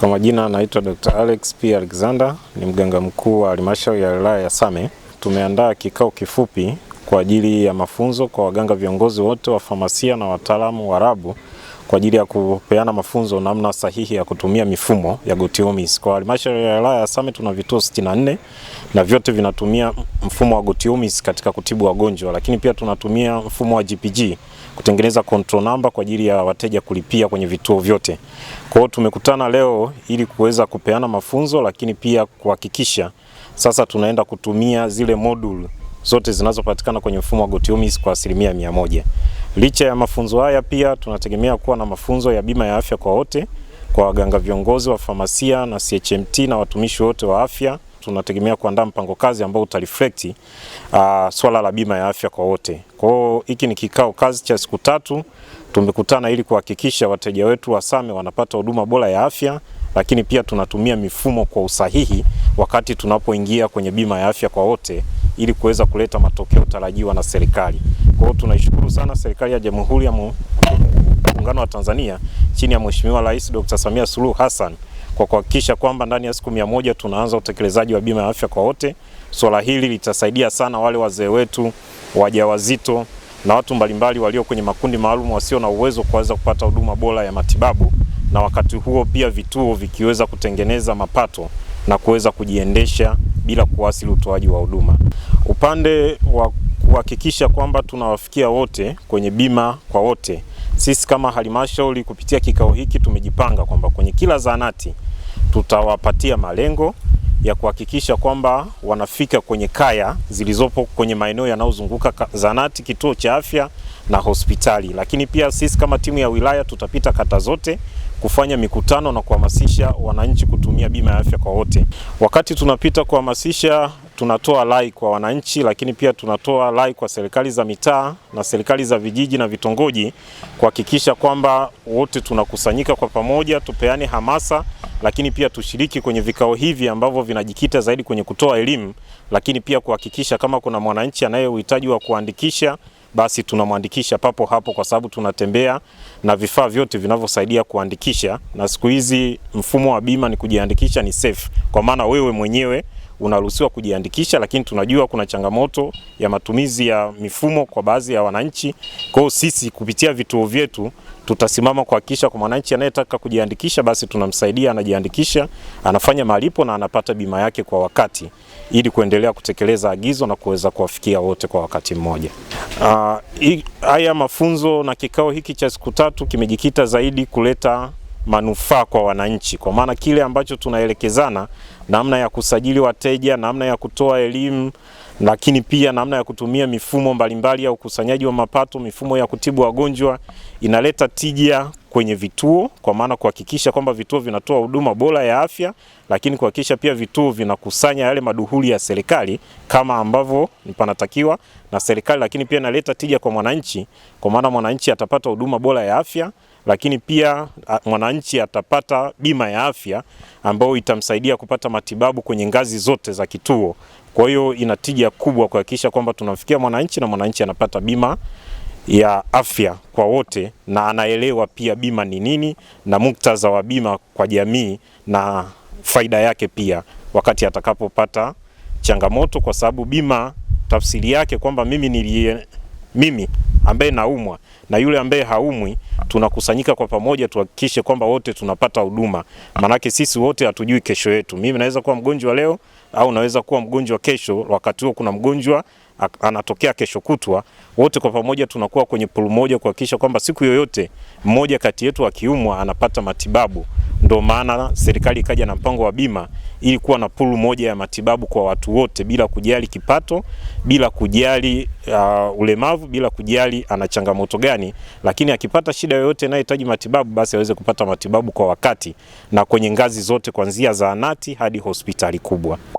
Kwa majina anaitwa Dr. Alex P. Alexander, ni mganga mkuu wa halmashauri ya wilaya ya Same. Tumeandaa kikao kifupi kwa ajili ya mafunzo kwa waganga viongozi wote wa famasia na wataalamu wa rabu kwa ajili ya kupeana mafunzo namna sahihi ya kutumia mifumo ya Gut Kwa halmashauri ya wilaya ya Same tuna vituo 64 na vyote vinatumia mfumo wa Gut katika kutibu wagonjwa, lakini pia tunatumia mfumo wa GPG kutengeneza control number kwa ajili ya wateja kulipia kwenye vituo vyote. Kwa hiyo tumekutana leo ili kuweza kupeana mafunzo, lakini pia kuhakikisha sasa tunaenda kutumia zile module zote zinazopatikana kwenye mfumo wa GoTHOMIS kwa asilimia mia moja. Licha ya mafunzo haya, pia tunategemea kuwa na mafunzo ya bima ya afya kwa wote kwa waganga viongozi wa famasia na CHMT na watumishi wote wa afya tunategemea kuandaa mpango kazi ambao utareflect uh, swala la bima ya afya kwa wote. Kwa hiyo hiki ni kikao kazi cha siku tatu, tumekutana ili kuhakikisha wateja wetu wa Same wanapata huduma bora ya afya, lakini pia tunatumia mifumo kwa usahihi wakati tunapoingia kwenye bima ya afya kwa wote ili kuweza kuleta matokeo tarajiwa na serikali. Kwa hiyo tunaishukuru sana serikali ya Jamhuri ya Muungano wa Tanzania chini ya Mheshimiwa Rais Dr. Samia Suluhu Hassan kwa kuhakikisha kwamba ndani ya siku mia moja tunaanza utekelezaji wa bima ya afya kwa wote. Swala hili litasaidia sana wale wazee wetu, wajawazito na watu mbalimbali walio kwenye makundi maalum wasio na uwezo kuweza kupata huduma bora ya matibabu, na wakati huo pia vituo vikiweza kutengeneza mapato na kuweza kujiendesha bila kuwasili utoaji wa huduma. Upande wa kuhakikisha kwamba tunawafikia wote kwenye bima kwa wote sisi kama halmashauri kupitia kikao hiki tumejipanga kwamba kwenye kila zahanati tutawapatia malengo ya kuhakikisha kwamba wanafika kwenye kaya zilizopo kwenye maeneo yanayozunguka zahanati, kituo cha afya na hospitali. Lakini pia sisi kama timu ya wilaya tutapita kata zote kufanya mikutano na kuhamasisha wananchi kutumia bima ya afya kwa wote. Wakati tunapita kuhamasisha tunatoa rai kwa wananchi, lakini pia tunatoa rai kwa serikali za mitaa na serikali za vijiji na vitongoji kuhakikisha kwamba wote tunakusanyika kwa pamoja, tupeane hamasa, lakini pia tushiriki kwenye vikao hivi ambavyo vinajikita zaidi kwenye kutoa elimu, lakini pia kuhakikisha kama kuna mwananchi anaye uhitaji wa kuandikisha basi tunamwandikisha papo hapo, kwa sababu tunatembea na vifaa vyote vinavyosaidia kuandikisha, na siku hizi mfumo wa bima ni kujiandikisha ni safe, kwa maana wewe mwenyewe unaruhusiwa kujiandikisha, lakini tunajua kuna changamoto ya matumizi ya mifumo kwa baadhi ya wananchi. Kwa hiyo sisi kupitia vituo vyetu tutasimama kuhakikisha kwa mwananchi anayetaka kujiandikisha, basi tunamsaidia anajiandikisha, anafanya malipo na anapata bima yake kwa wakati, ili kuendelea kutekeleza agizo na kuweza kuwafikia wote kwa wakati mmoja. Ah, haya mafunzo na kikao hiki cha siku tatu kimejikita zaidi kuleta manufaa kwa wananchi, kwa maana kile ambacho tunaelekezana, namna ya kusajili wateja, namna ya kutoa elimu, lakini pia namna ya kutumia mifumo mbalimbali ya ukusanyaji wa mapato, mifumo ya kutibu wagonjwa, inaleta tija kwenye vituo, kwa maana kuhakikisha kwamba vituo vinatoa huduma bora ya afya, lakini kuhakikisha pia vituo vinakusanya yale maduhuli ya serikali kama ambavyo panatakiwa na serikali, lakini pia inaleta tija kwa mwananchi, kwa maana mwananchi atapata huduma bora ya afya lakini pia mwananchi atapata bima ya afya ambayo itamsaidia kupata matibabu kwenye ngazi zote za kituo. Kwa hiyo ina tija kubwa kuhakikisha kwamba tunamfikia mwananchi na mwananchi anapata bima ya afya kwa wote na anaelewa pia bima ni nini na muktadha wa bima kwa jamii na faida yake pia wakati atakapopata changamoto, kwa sababu bima tafsiri yake kwamba mimi nilie, mimi ambaye naumwa na yule ambaye haumwi, tunakusanyika kwa pamoja tuhakikishe kwamba wote tunapata huduma, maanake sisi wote hatujui kesho yetu. Mimi naweza kuwa mgonjwa leo au naweza kuwa mgonjwa kesho, wakati huo kuna mgonjwa anatokea kesho kutwa. Wote kwa pamoja tunakuwa kwenye pulu moja kuhakikisha kwamba siku yoyote mmoja kati yetu akiumwa anapata matibabu ndo maana serikali ikaja na mpango wa bima ili kuwa na pulu moja ya matibabu kwa watu wote bila kujali kipato, bila kujali uh, ulemavu, bila kujali ana changamoto gani, lakini akipata shida yoyote inayohitaji matibabu, basi aweze kupata matibabu kwa wakati na kwenye ngazi zote kuanzia zahanati hadi hospitali kubwa.